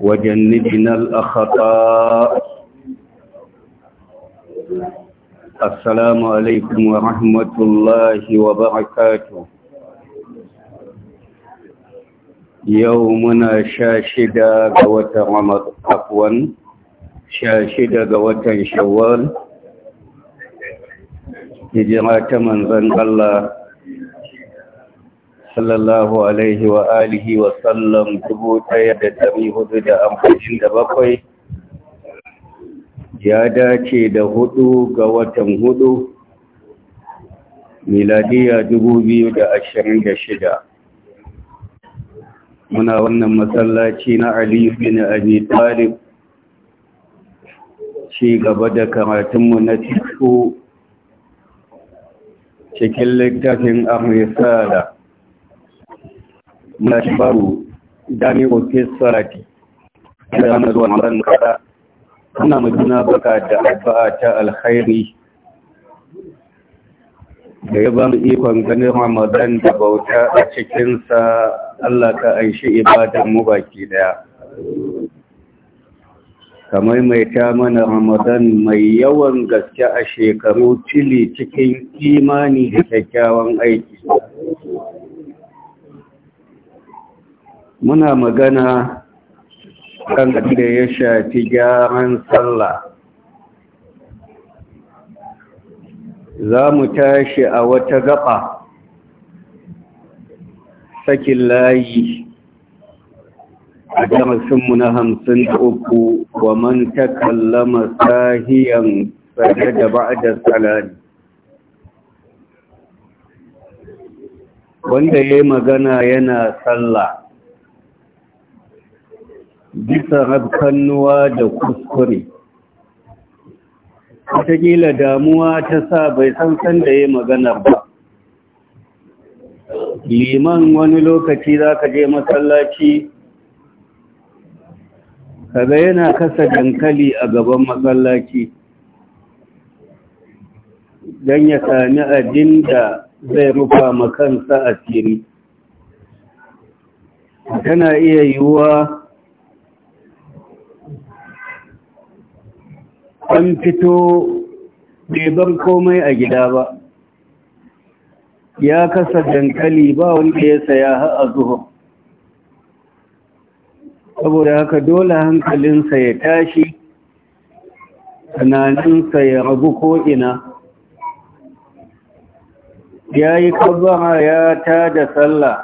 وجنبنا الأخطاء السلام عليكم ورحمة الله وبركاته يومنا شاشدا قوة رمضان عفوا شاشدا قوة شوال هجرات من ظن الله sallallahu alaihi wa alihi wa sallam dubu ɗaya da dari hudu da amfani da bakwai ya dace da hudu ga watan hudu miladiya dubu biyu da ashirin da shida muna wannan masallaci na aliyu bin abi talib ci gaba da karatunmu na cikin cikin littafin amrisala muna shi baro ofis fesarati da zama zuwa maran kada ana majina baka da addu'a ta alkhairi da ya ba mu ikon ganin ramadan da bauta a cikinsa allah ka aishi ibadan mu baki daya kamar mai ta mana ramadan mai yawan gaske a shekaru cili cikin imani da kyakkyawan aiki muna magana kan da ya shafi gyaran sallah za mu tashi a wata gaba sakin layi a darasinmu na hamsin da uku wa man ta kallama sahiyan da ba'adar salari wanda ya yi magana yana sallah bisa rabkannuwa da kuskure wataƙila damuwa ta sa bai san san da ya maganar ba liman wani lokaci za ka je masallaci kaga yana kasa dankali a gaban masallaci Dan ya sami abin da zai rufa makansa asiri tana iya yiwuwa an fito bai bar komai a gida ba ya kasa dankali ba wanda ya saya a zuwa. saboda haka dole hankalinsa ya tashi tunaninsa ya rabu ko'ina ya yi kabbara ya ta da sallah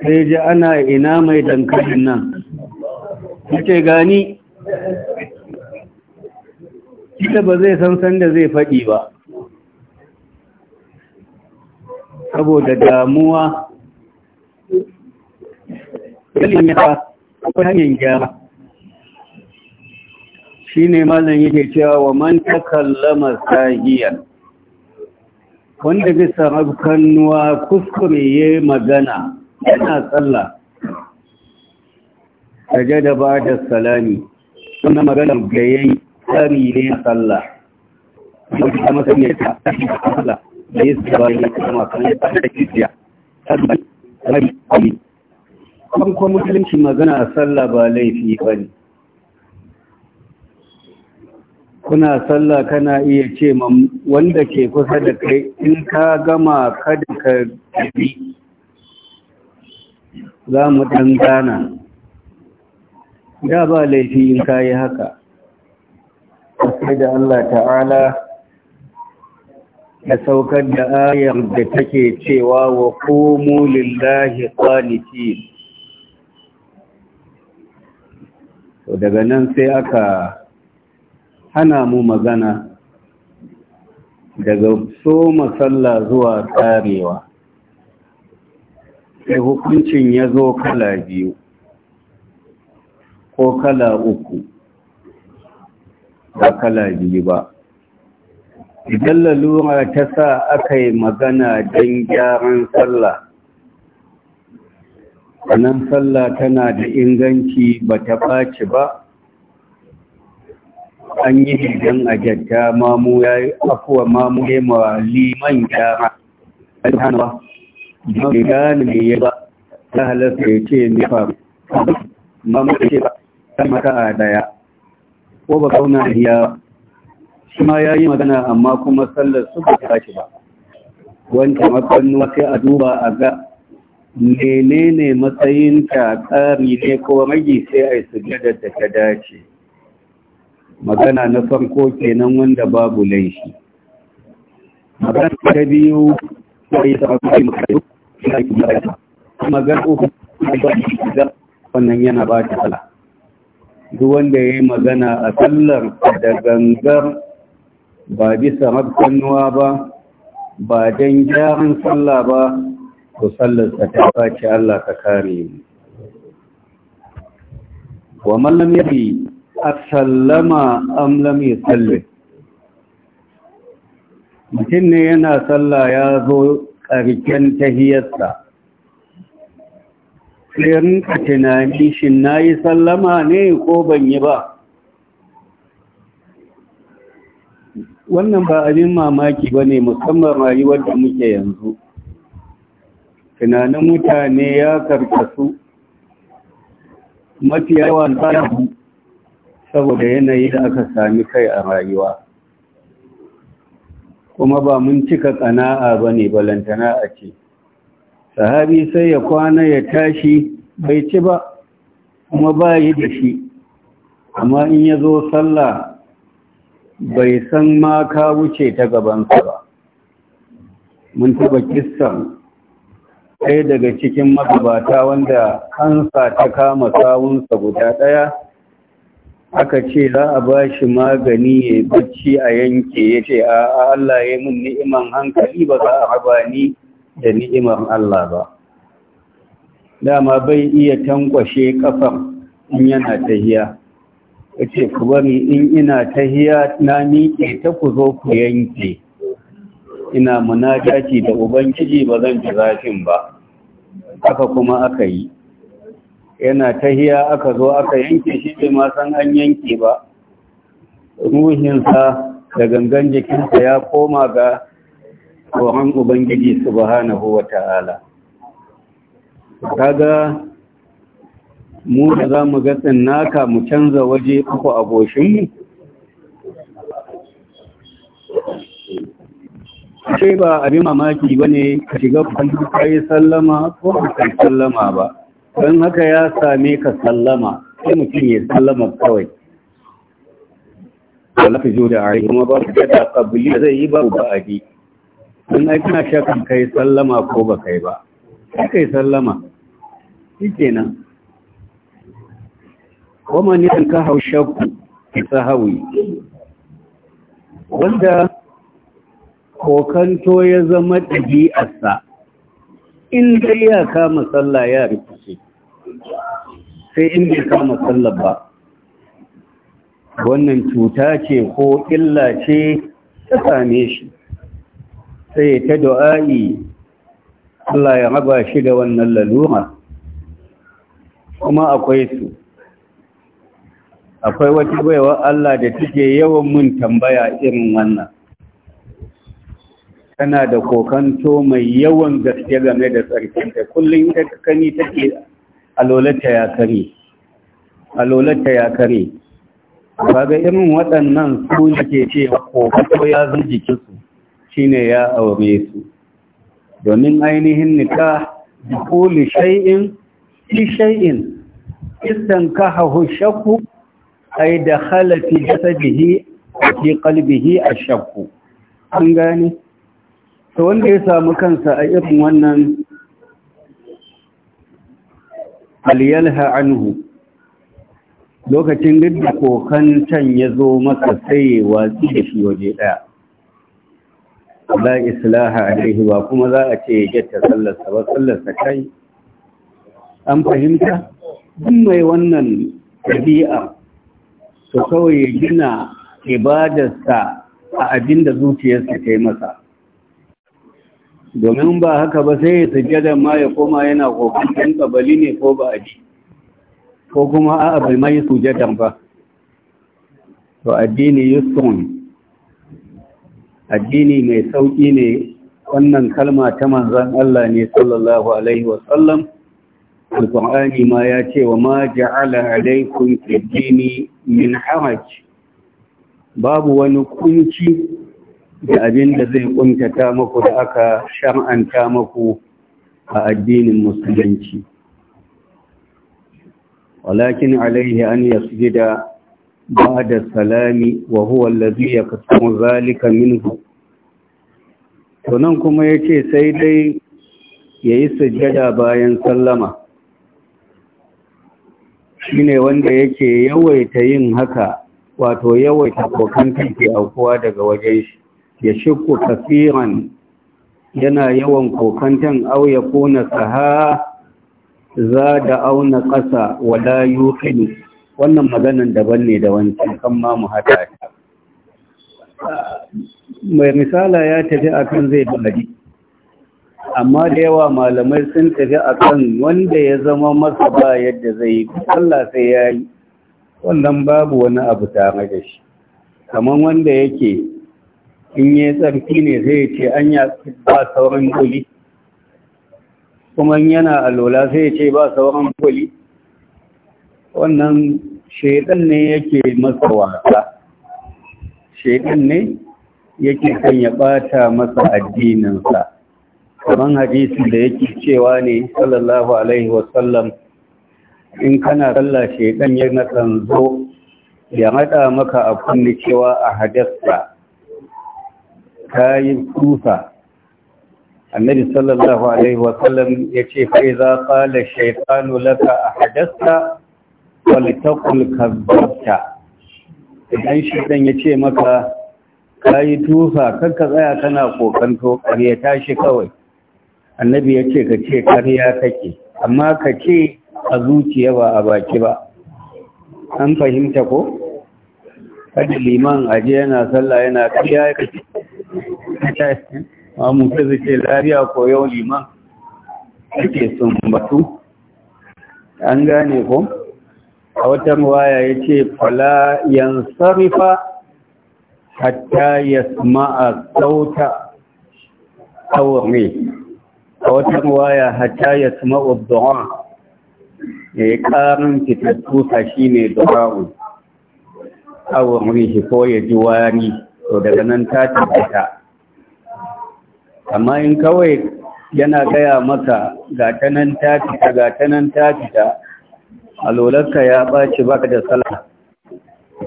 sai ji ana ina mai dankalin nan ya ce gani ita ba zai san sanda zai faɗi ba saboda damuwa yalin ya akwai hanyar gyara shi ne malin yake cewa wa man takallama sahiyan wanda bisa abkannuwa kuskure ya magana yana tsalla taje da ba da salami suna maganar gayayi tsari ne a sallah musulunci magana a sallah ba laifi ba ne kuna sallah kana iya ce wanda ke kusa da kai in ka gama kada ka bi za mu dangana gana da ba laifi in ka yi haka sai da Allah ta'ala Ya saukar da ayar da take cewa wa komo lillahi kwaniti to daga nan sai aka hana mu magana daga so masalla zuwa tsarewa sai hukuncin ya zo kala biyu ko kala uku ba kala biyu ba idan lalura ta sa aka yi magana don gyaran sallah wannan sallah tana da inganci ba ta ɓaci ba an yi hidan a jadda mamu ya yi afuwa mamu ya ma liman gyara a hannuwa ba mai gane mai yi ba ta halasta ya ce mai faru mamu ya ce ba ta mata a daya ko ba kauna hiya shi ma ya yi magana amma kuma sallar su ba ta ba wanda makonnuwa sai a duba a ga menene matsayin ta tsari ne ko magi sai a yi sujadar da ta dace magana na farko kenan wanda babu laishi magana ta biyu sai ta kai magana uku wannan yana ba ta sala duk wanda ya yi magana a sallar da gangar ba bisa rabkannuwa ba ba don gyaran sallah ba to sallar ta face Allah ka kare mu wa mallam a asallama am lam yusalli mutum ne yana sallah ya zo ƙarshen tahiyarsa sai rinka tunani shin na yi sallama ne ko ban yi ba wannan ba abin mamaki ba ne musamman rayuwar da muke yanzu tunanin mutane ya karkasu mafi yawa tsarin saboda yanayi da aka sami kai a rayuwa kuma ba mun cika ƙana'a ba ne balantana a ce sahabi sai ya kwana ya tashi bai ci ba kuma ba yi da shi amma in ya zo sallah bai san ma ka wuce ta gabansa ba mun taba kissan ɗaya daga cikin magabata wanda hansa ta kama sawunsa guda ɗaya aka ce za a ba shi magani ya bacci a yanke ya ce a Allah ya mun ni'iman hankali ba za a haba ni da ni'imar Allah ba dama bai iya tankwashe kafan in yana tahiya yace ku bari in ina tahiya na miƙe ta ku zo ku yanke ina munajati da ubangiji ba zan ji zafin ba haka kuma aka yi yana tahiya aka zo aka yanke shi bai ma san an yanke ba ruhinsa da gangan jikinsa ya koma ga tsoron ubangiji subhanahu wa ta'ala kaga mu da za mu ga naka mu canza waje uku a goshinmu sai ba abin mamaki ba ne ka shiga kwanci ka yi sallama ko ka sallama ba don haka ya same ka sallama sai mutum ya sallama kawai wala fi zo da a kuma ba ka da zai yi ba ba a sannan ai kuna shakan kai sallama ko ba kai ba kai sallama shi kenan kuma ne ka shakku, ta hawi wanda kokanto ya zama ɗabi'arsa in dai ya kama sallah ya rikice sai in bai kama sallah ba wannan cuta ce ko illa ce ta same shi sai ta du'a'i Allah ya raba shi da wannan lalura kuma akwai su akwai wata baiwa Allah da take yawan mun tambaya irin wannan tana da kokanto mai yawan gaske game da tsarkinta kullum ita kani take alolata ya kare alolata ya kare ba ga irin waɗannan su ne ke cewa ko ya zo jikinsu shine ya aure su domin ainihin nikah kulli shay'in fi shay'in idan kahahu shakku ay dakhala fi jasadihi fi qalbihi ashakku an gane to wanda ya samu kansa a irin wannan aliyalha anhu lokacin duk can ya zo masa sai watsi da shi waje daya la islaha alaihi ba kuma za a ce ya getta sallarsa ba sallarsa kai an fahimta duk mai wannan ɗabi'a to kawai ya gina ibadarsa a abinda da zuciyarsa ta yi masa domin ba haka ba sai ya sujjada ma ya koma yana kokarin kabali ne ko ba aji ko kuma a'a bai mai sujjadan ba to addini yusrun addini mai sauƙi ne wannan kalma ta manzan Allah ne sallallahu alaihi wasallam alƙur'ani ma ya ce wa ma ja'ala alaikum addini min haraj babu wani kunci da abin da zai ƙuntata maku da aka shar'anta maku a addinin musulunci walakin alaihi an yasjida بعد السلام وهو الذي يقسم ذلك منه tunan kuma ya ce sai dai ya yi sujjada bayan sallama shine wanda yake yawaita yin haka wato yawaita kokan kanki aukuwa daga wajen shi ya shiku kafiran yana yawan kokantan au ya kona saha za da auna ƙasa wala yuqini wannan maganan daban ne da wancan kan ma mu haɗa mai misala ya tafi akan zai bari amma da yawa malamai sun tafi akan wanda ya zama masa ba yadda zai yi Allah sai ya yi wannan babu wani abu tare da shi kamar wanda yake in yi tsarki ne zai ce an ya ba sauran kuli kuma yana alola zai ce ba sauran kuli wannan shaidan ne yake masa wasa shaidan ne yake kan ya bata masa addininsa kaman hadisi da yake cewa ne sallallahu alaihi wasallam in kana sallah shaidan ya nakan zo ya haɗa maka a kunni cewa a hadasta ta yi tusa annabi sallallahu alaihi wasallam ya ce iza qala shaytanu laka a hadasta walitakul kazzabta idan shi dan ya ce maka kayi tufa kanka tsaya kana kokanto kariya tashi kawai annabi ya ce ka ce kariya kake amma ka ce a zuciya ba a baki ba an fahimta ko kada liman aje yana sallah yana ƙarya kake amma mutum zai ce lariya ko yau liman kake sun batu an gane ko a wata ruwaya ya ce fala sarifa? hatta a sauta aure a wata ruwaya hatta yasma'a du'a ya karin fitattu shi ne du'a'u aure shi ko ya ji wani to daga nan ta tabbata amma in kawai yana gaya maka gatanan ta fita gatanan ta fita alolarka ya ɓaci baka da sallah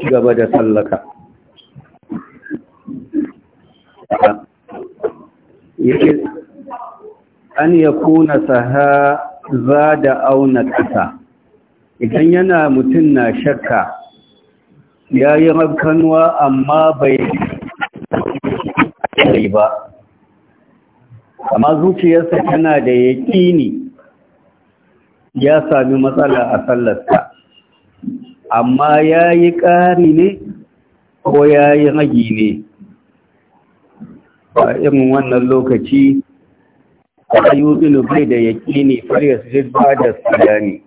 gaba da sallaka yake an ya kuna saha za da auna ƙasa idan yana mutum na shakka ya yi rabkanwa amma bai ba amma zuciyarsa tana da yaƙini ya sami matsala a sallarsa amma ya yi ƙari ne ko ya yi ragi ne a yin wannan lokaci a yi bai da yaƙi ne fariya su ba da ne.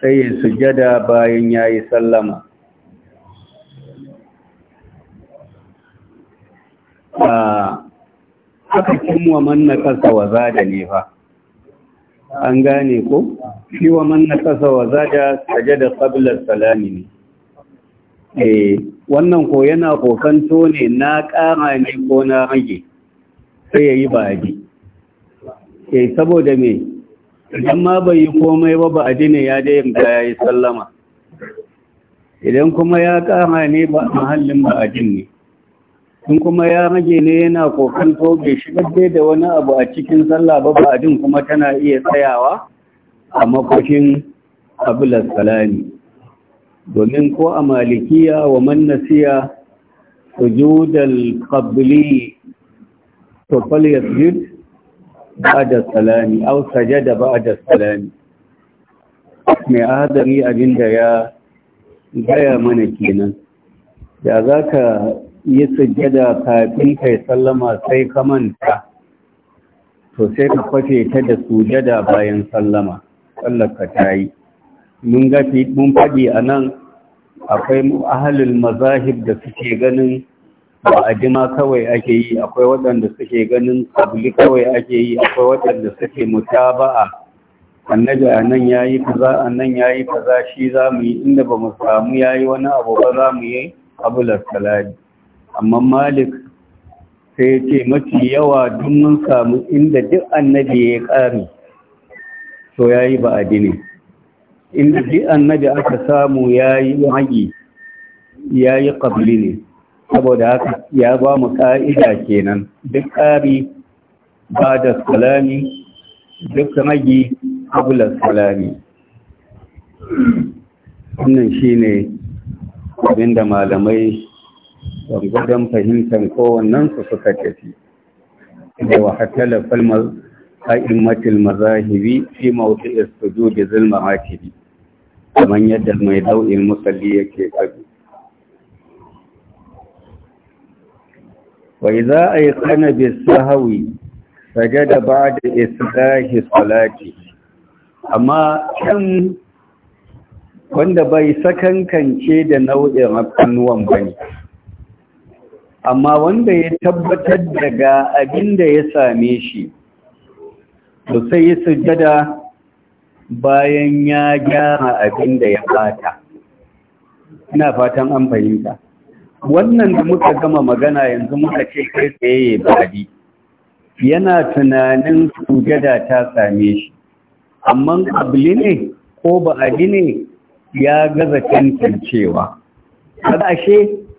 sai ya sujada bayan ya yi sallama a ah, haka kuma manna kansa wa ne fa an gane ko shi wa man nakasa wa saje da qabla salami ne eh wannan ko yana kokanto ne na ƙara ne ko na rage sai yayi baji eh saboda me idan ma bai yi komai ba ba ne ya da yin yayi sallama idan kuma ya ƙara ne ba mahallin ba ne in kuma ya rage ne yana kokanto bai shigar da wani abu a cikin sallah ba din kuma tana iya tsayawa a makokin abulas salami domin ko a malikiya wa mannasiya sujudal qabli to fal yasjud ba'da salami aw sajada ba'da salami mai adari abinda ya gaya mana kenan da zaka yi sujjada kafin kai sallama sai ka manta to sai ka kwafe ta da sujjada bayan sallama sallaka ta yi mun gafi mun faɗi a nan akwai ahalin mazahib da suke ganin ba a jima kawai ake yi akwai waɗanda suke ganin kabli kawai ake yi akwai waɗanda suke mutaba'a annabi a nan ya yi kaza a nan ya yi kaza shi za mu yi inda ba mu samu ya yi wani abu ba za mu yi abu salati amma malik sai ce mafi yawa duk mun samu inda duk annabi ya kare to yayi ba adini inda duk annabi aka samu yayi yi haƙi ya yi ne saboda haka ya ba mu ƙa'ida kenan duk ƙari ba da salami duk ragi abular salami wannan shine abinda malamai gwargwadon fahimtar kowannen su suka tafi da wa hatala falmar a'immatul mazahibi fi mawdu'i sujudi zil ma'akibi kamar yadda mai dau'in musalli yake a yi idza ayqana bis sahwi sajada ba'da islahi salati amma can wanda bai sakankance da nau'in hannuwan bane amma wanda ya tabbatar daga abin da ya same shi to sai ya sujjada bayan ya gyara abin da ya fata ina fatan an fahimta wannan da muka gama magana yanzu muka ce kai tsaye bari yana tunanin sujjada ta same shi amma abli ne ko ba'adi ne ya gaza tantancewa kada ashe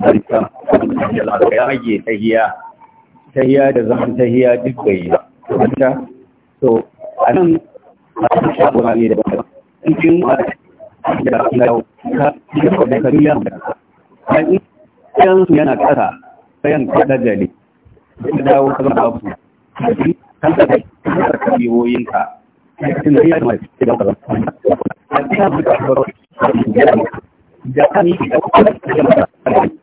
barka ya rage tahiya tahiya da zaman tahiya duk bai yi ba to a nan ne da in kin ma da na yau ka da kariya da yana kasa bayan ka dajale da dawo ka zama abu kan kai ka da ya zama da ka zama a cikin da zama da kani da kuma da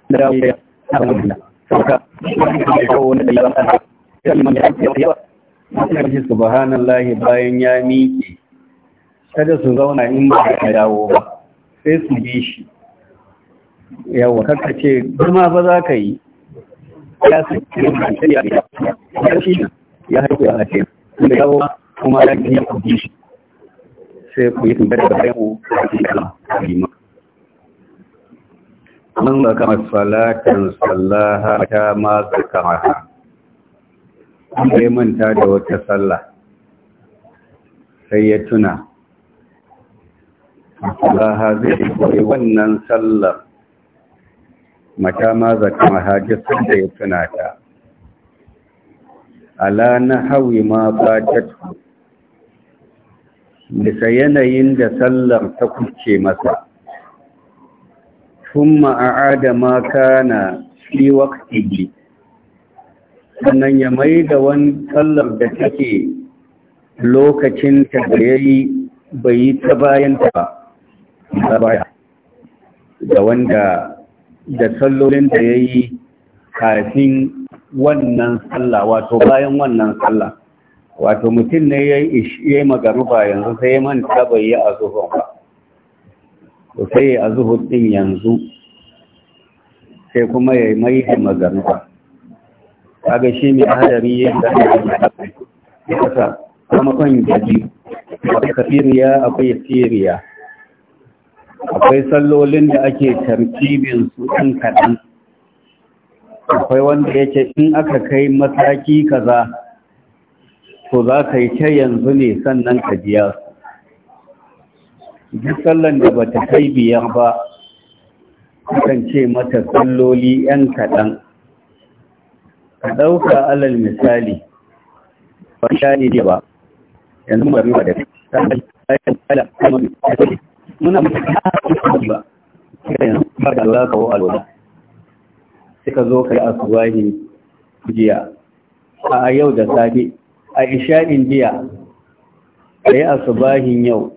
da da ya abunda saka ko wani da yawan Allah ya man ya yawa sai subhanallahi bayan ya miƙe kada su zauna in ba ya dawo ba sai su bi shi yawa kaka ce girma ba za ka yi ya su ya ya haifu ya hace da yawo kuma ya haifu ya haifu shi sai ku yi tambayar da bayan ku a cikin kalma من أقام الصلاة صلاها كما ذكرها sai manta da wata sallah sai ya tuna Allah zai koyi wannan sallar mata ma zaka hadisin da ya tuna ta ala na hawi ma ba fatat bisa yanayin da sallar ta kuce masa thumma a'ada ma kana fi waqtihi sannan ya mai da wani sallar da take lokacin ta da yayi bai yi ta bayan ta ba da wanda da sallolin da yayi kafin wannan sallah wato bayan wannan sallah wato mutum ne ya yi magaruba yanzu sai manta bai yi a ba sai a zuhur din yanzu sai kuma ya mai da magaruba kaga shi mai hadari ya da ya kasa kuma kan gaji akwai kafiriya akwai siriya akwai sallolin da ake tartibin su ɗin kaɗan akwai wanda ya ce in aka kai mataki kaza to za ka yi ta yanzu ne sannan ka biya su duk sallan da bata kai biyan ba kan ce mata salloli yan kaɗan ka ɗauka alal misali ba shani ne ba yanzu ba riwa da muna ba ba da za ka wo alwala sai zo ka yi asuwahi jiya a yau da safe a isha'in jiya ka yi asubahin yau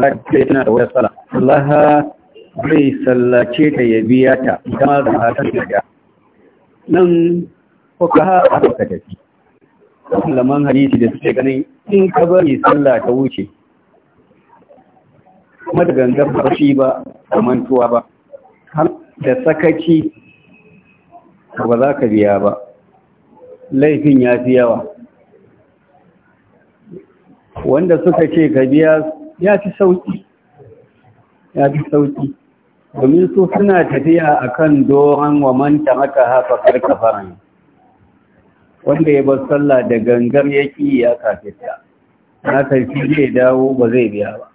da tana da wata tsala. Allah zai sallace ta ya biya ta kuma da hatar da nan kuka a haka tafi malaman hadisi da suke ganin in ka bari sallah ta wuce kuma da gangan barci ba da mantuwa ba da sakaci ba za ka biya ba laifin ya fi yawa wanda suka ce ka biya ya fi sauƙi ya fi sauƙi domin su suna tafiya a kan doron wa manta maka hafa karka faran wanda ya bar sallah da gangar ya ƙi ya kafita na karfi zai dawo ba zai biya ba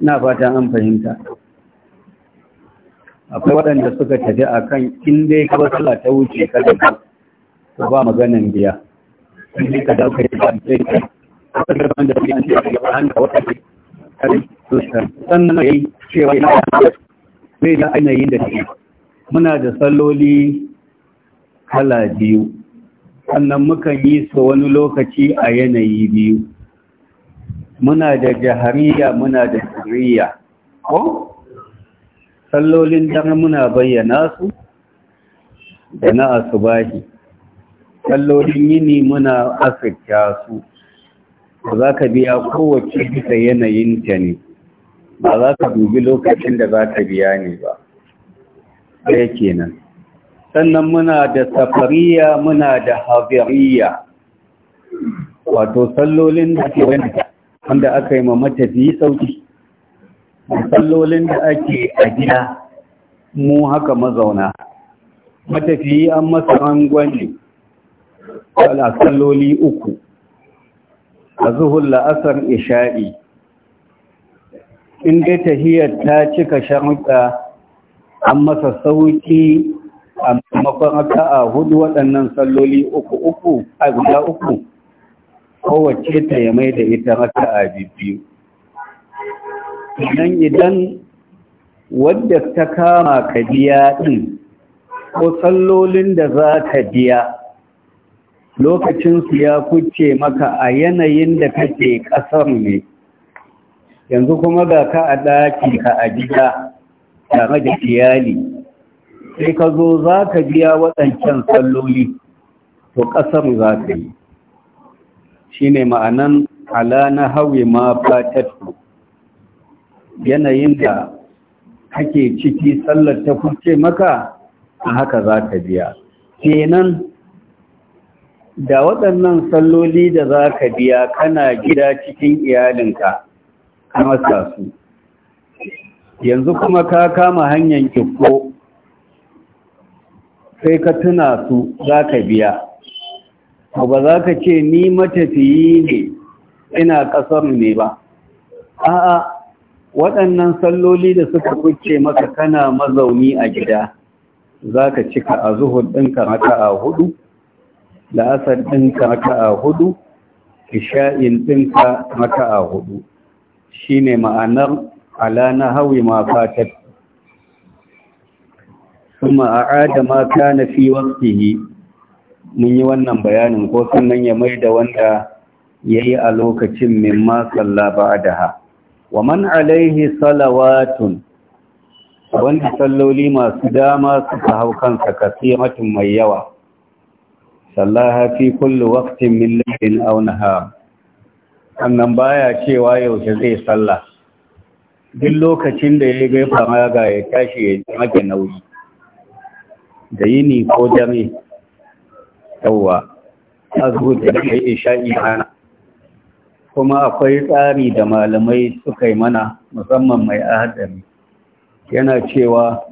na fatan an fahimta akwai waɗanda suka tafi a kan inda ya ka bar sallah ta wuce ka da ba maganin biya sannan cewa ina zai da ainihin da ke muna da salloli kala biyu sannan mukan yi su wani lokaci a yanayi biyu muna da jahariya muna da jiriya ko sallolin dare muna bayyana su da na asubahi sallolin yini muna asirka su Da za ka biya kowace bisa yanayin ta ne ba za ka dubi lokacin da za ka biya ne ba ɗaya kenan sannan muna da safariya muna da haviriya wato sallolin da ke wanda aka yi ma matafi sauki sallolin da ake a gida mu haka mazauna matafi an masa rangon ne salloli uku a zuhun la'asar isha'i inda tahiyar ta cika sharuɗa an masa sauki a makon a hudu waɗannan salloli uku uku a guda uku kowace ta ya mai da ita raka'a biyu nan idan wadda ta kama ka biya ɗin ko sallolin da za ka biya lokacinsu ya kuce maka a yanayin da kake ƙasar ne yanzu kuma ga ka a ɗaki ka a gida tare da iyali sai ka zo za ka biya waɗancan salloli to ƙasar za ka yi shi ne ma'anan ala na hawi ma fatattu yanayin da kake ciki sallar ta kuce maka a haka za ka biya kenan da waɗannan salloli da za ka biya kana gida cikin iyalinka ka masa su yanzu kuma ka kama hanyar kifko sai ka tuna su za ka biya ba za ka ce ni matafiyi ne ina ƙasar ne ba a'a waɗannan salloli da suka kuce maka kana mazauni a gida za ka cika a zuhud ɗinka maka a hudu la'asar ɗinka raka'a hudu isha'in ɗinka raka'a hudu shine ma'anar ala na hawi ma fatat a Adama ta na fi wakili, mun yi wannan bayanin ko sannan ya maida wanda yayi a lokacin mimma salla ba'daha wa man alaihi salawatun wanda salloli masu dama suka hau kansa kasimatun mai yawa sallaha fi kulli waqtin min layl aw nahar annan baya cewa yaushe zai sallah duk lokacin da ya gaifa maga ya tashi ya make nauyi da yini ko dare yawa azhud da isha'i hana kuma akwai tsari da malamai suka yi mana musamman mai ahadari yana cewa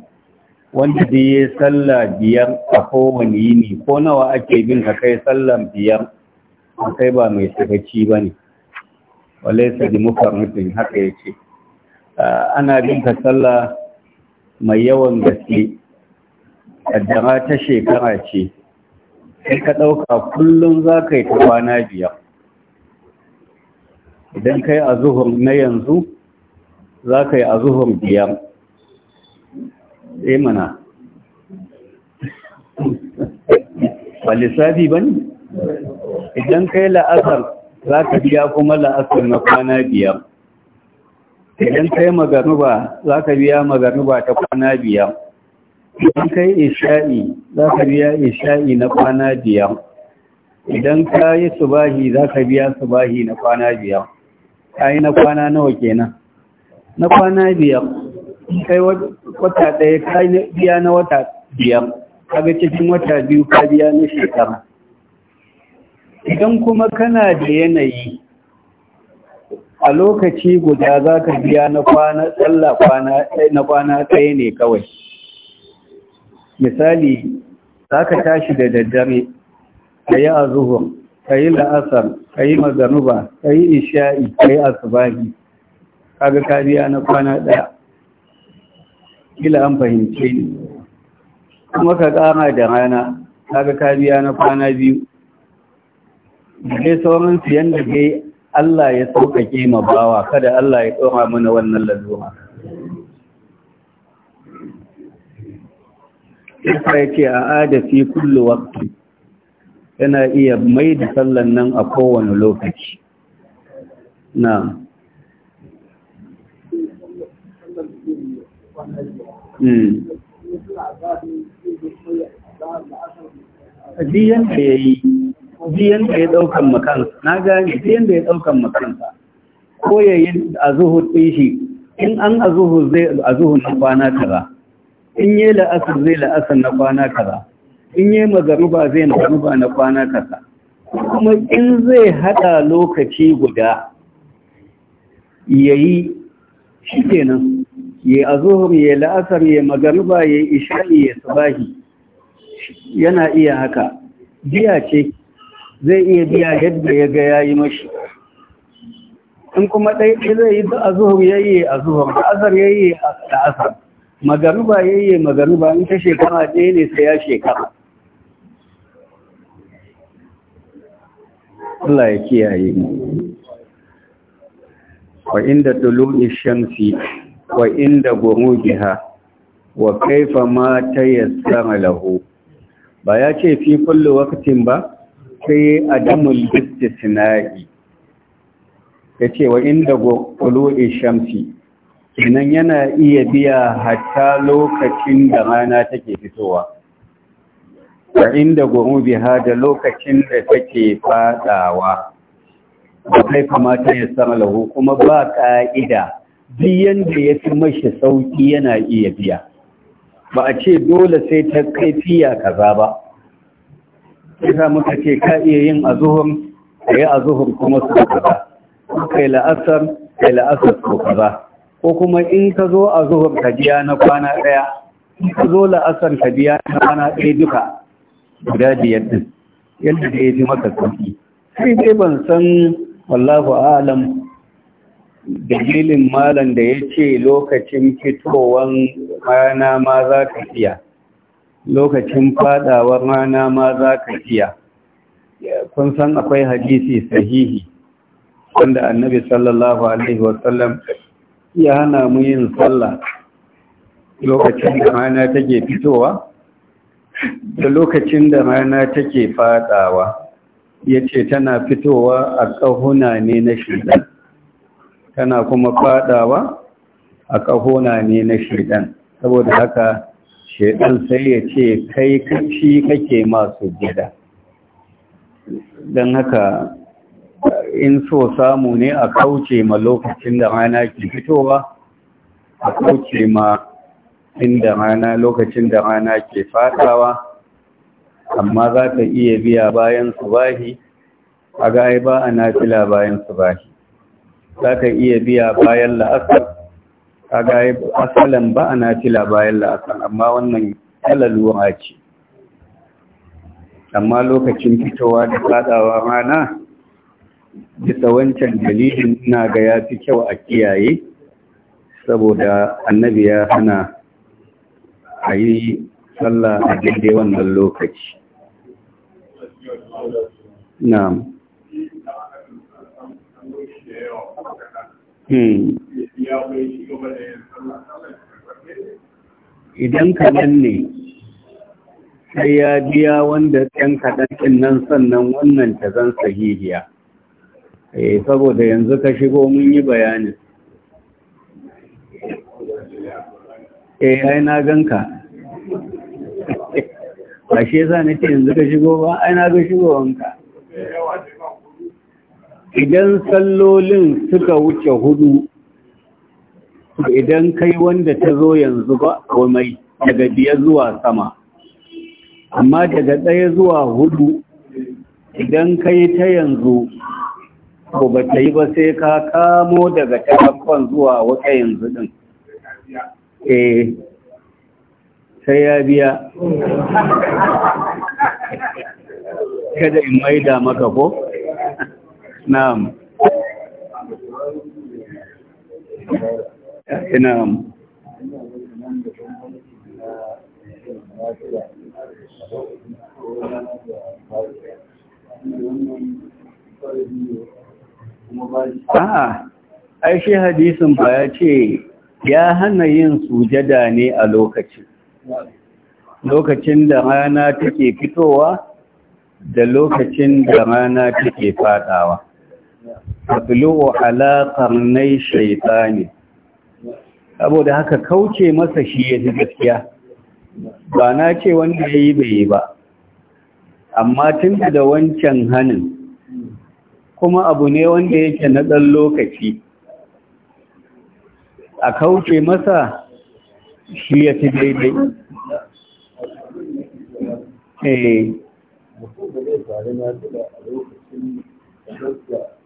wanda da ya salla biyar a kowane yini ko nawa ake bin ka kai sallan biyar kai ba mai sagaci ba ne wale sa muka mutum haka ya ce ana bin ka salla mai yawan gaske kaddara ta shekara ce sai ka ɗauka kullum za ka yi ta kwana biyar idan ka yi a zuhur na yanzu za ka yi a zuhur biyar eh mana ba lissafi ba ne idan kai la'asar za ka biya kuma la'asar na kwana biyar idan kai maganuba za ka biya maganuba ta kwana biyar idan kai isha'i za ka biya isha'i na kwana biyar idan ka yi subahi za ka biya subahi na kwana biyar ka yi na kwana nawa kenan na kwana biyar kai wata ɗaya ka biya na wata biyar kaga cikin wata biyu ka biya na shekara idan kuma kana da yanayi a lokaci guda za ka biya na kwana tsalla na kwana ɗaya ne kawai misali za ka tashi da daddare ka yi a ka yi la'asar ka yi mazanuba ka yi isha'i ka yi asubahi kaga ka biya na kwana ɗaya kila an fahimce ni kuma ka ƙara da rana kaga ga biya na kwana biyu da sauran su yanda Allah ya sauƙaƙe ma bawa kada Allah ya ɗora mana wannan lalura ya ce a adafi kullu wakti yana iya mai da sallan nan a kowane lokaci. Na'am. jiyan da ya yi jiyan da ya ɗaukan makansa na gani jiyan da ya ɗaukan makansa ko ya yi a zuhur shi in an a zuhur zai a zuhur na kwana kaza in yi la'asar zai la'asar na kwana kaza in yi magaruba zai magaruba na kwana kaza kuma in zai haɗa lokaci guda ya yi shi kenan ya azuhur ya la'asar ya magariba ya isha'i ya sabahi yana iya haka biya ce zai iya biya yadda ya ga yayi mashi in kuma ɗai zai yi azuhur yayye azuhur la'asar yi la'asar magariba yayye magariba in ta shekara ɗaya ne sai ya shekara Allah ya kiyaye mu wa inda tulu'i shamsi wa inda gurujiha wa kaifa ma tayassara lahu ba ya ce fi kullu waqtin ba sai adamul istisna'i yace wa inda qulu'i shamsi kenan yana iya biya hatta lokacin da rana take fitowa wa inda gurubiha da lokacin da take fadawa ba mata ya sama lahu kuma ba ka'ida duk da ya fi mashi sauki yana iya biya ba a ce dole sai ta kai fiya kaza ba isa muka ce ka iya yin azuhur ka yi azuhur kuma su kaza kai la'asar kai la'asar su kaza ko kuma in ka zo azuhur ka biya na kwana ɗaya in ka zo la'asar ka biya na kwana ɗaya duka guda biyar din yadda da ya fi maka sauki sai dai ban san wallahu alam dalilin malam da ya ce lokacin fitowan rana ma za ka iya lokacin fadawar rana ma za ka iya kun san akwai hadisi sahihi wanda annabi sallallahu alaihi wasallam ya hana mu yin sallah lokacin da rana take fitowa da lokacin da rana take fadawa ya ce tana fitowa a ƙahuna ne na shidan tana kuma fadawa a kahona ne na shaidan saboda haka shaidan sai ya ce kai kaci kake masu gida don haka in so samu ne a kauce ma lokacin da rana ke fitowa a kauce ma inda rana lokacin da rana ke fadawa amma za ka iya biya bayan su subahi a ga ba a nafila bayan su shi. za ka iya biya bayan la'asar kaga asalin ba a nafila bayan la'asar amma wannan talaluwa ce amma lokacin fitowa da fadawa rana bisa wancan dalilin na ga ya fi kyau a kiyaye saboda annabi ya hana a yi sallah a daidai wannan lokaci na'am idan kaɗan ne sai ya biya wanda ɗan kaɗan nan sannan wannan ta zan sahihiya eh saboda yanzu ka shigo mun yi bayanin eh ai na ganka ashe za na ce yanzu ka shigo ba ai na ga shigo shigowanka idan sallolin suka wuce hudu idan kai wanda ta zo yanzu ba komai daga biyar zuwa sama amma daga ɗaya zuwa hudu idan kai ta yanzu ko ba ta yi ba sai ka kamo daga tarakon zuwa wata yanzu ɗin eh sai ya biya kada in maida maka ko? na'am eh, na'am A'a, hadisin ba ya ce ya hana yin sujada ne a lokacin. Lokacin da rana take fitowa da lokacin da rana take fadawa. fatlu'u ala shaita ne saboda haka kauce masa shi ya ji gaskiya ba na ce wanda ya yi bai yi ba amma tun da wancan hannun, kuma abu ne wanda yake na ɗan lokaci a kauce masa shi ya ci daidai eh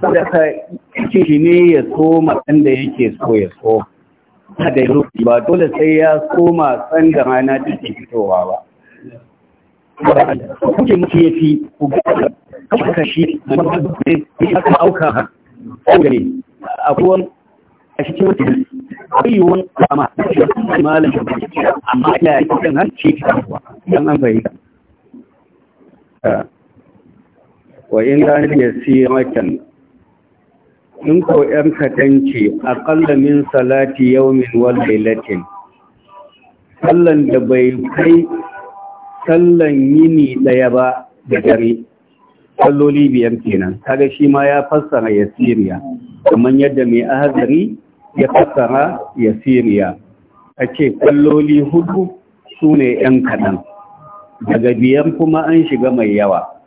sadaka shi ne ya soma yake so ya so da ba dole sai ya soma sanda ba kuke ya fi kuka shi ya ka auka ne a kuwan a shi cewa akwai kama malam amma yi an fahimta wa in da ya siya makan in ko ‘yan ce aƙalla min salati yaumin wal lailatin sallan da bai kai sallan yini ɗaya ba da dare salloli biyar kenan kaga shi ma ya fassara yasiriya. siriya kamar yadda mai ahazari ya fassara yasiriya? siriya a ce hudu su ne ‘yan kaɗan daga biyar kuma an shiga mai yawa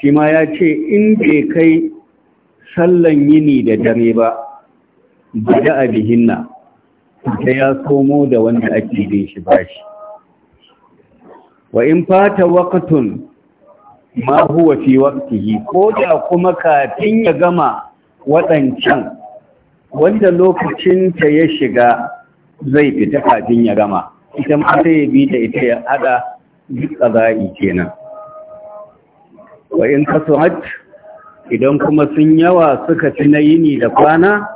shi ma ya ce in bai kai sallan yini da dare ba bada a bihinna da ya komo da wanda ake bin shi bashi wa in fata waqtun ma huwa fi waqtihi ko da kuma kafin ya gama wadancan wanda lokacin ta ya shiga zai fita kafin ya gama ita ma sai bi da ita ya hada duk tsazai kenan wa in kasuhat idan kuma sun yawa suka ci na yini da kwana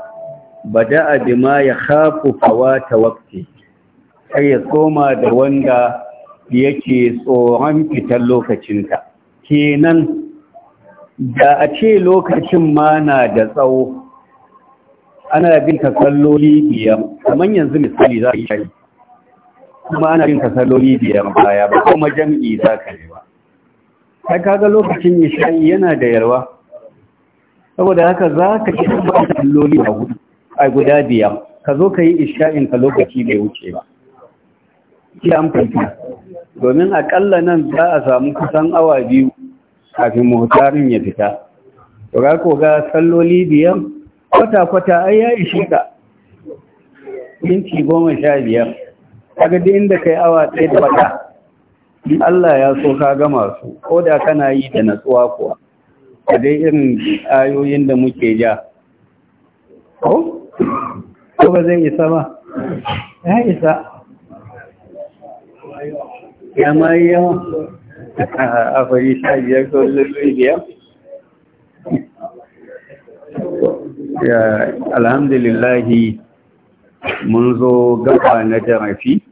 bada'a bima ya khafu fawata waqti sai ya koma da wanda yake tsoron fitar lokacinta kenan da a ce lokacin ma na da tsawo ana bin kasalloli biyar kamar yanzu misali za a yi shayi kuma ana bin kasalloli biyar baya ba kuma jam'i za ka yi ba ka kaga lokacin nishayi yana da yarwa saboda haka za ka ci ɗan loli a hudu a guda biyar ka zo ka yi isha'in ka lokaci bai wuce ba ki an fahimta domin akalla nan za a samu kusan awa biyu kafin muhtarin ya fita to ga ko ga salloli biyar kwata-kwata ai ya ishe ka minti goma sha biyar kaga duk inda kai awa ɗaya da wata in Allah ya so ka gama su ko da kana yi da natsuwa kuwa a dai irin ayoyin da muke ja ko ko ba zai isa ba ya isa ya ma yi yawa a fari sha biyar ko lullu ya alhamdulillahi mun zo gaba na jarafi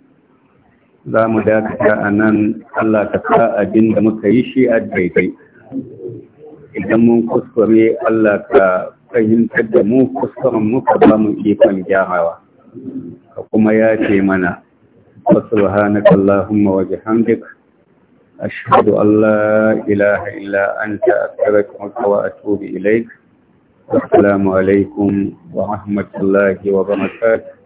za mu dakata a nan Allah ta sa abin da muka yi shi a daidai idan mun kuskure Allah ka fahimtar da mu kuskuren muka ba mu ikon gyarawa ka kuma ya ce mana subhanaka allahumma wa bihamdik ashhadu an la ilaha illa anta astaghfiruka wa atubu ilaik assalamu alaikum wa rahmatullahi wa barakatuh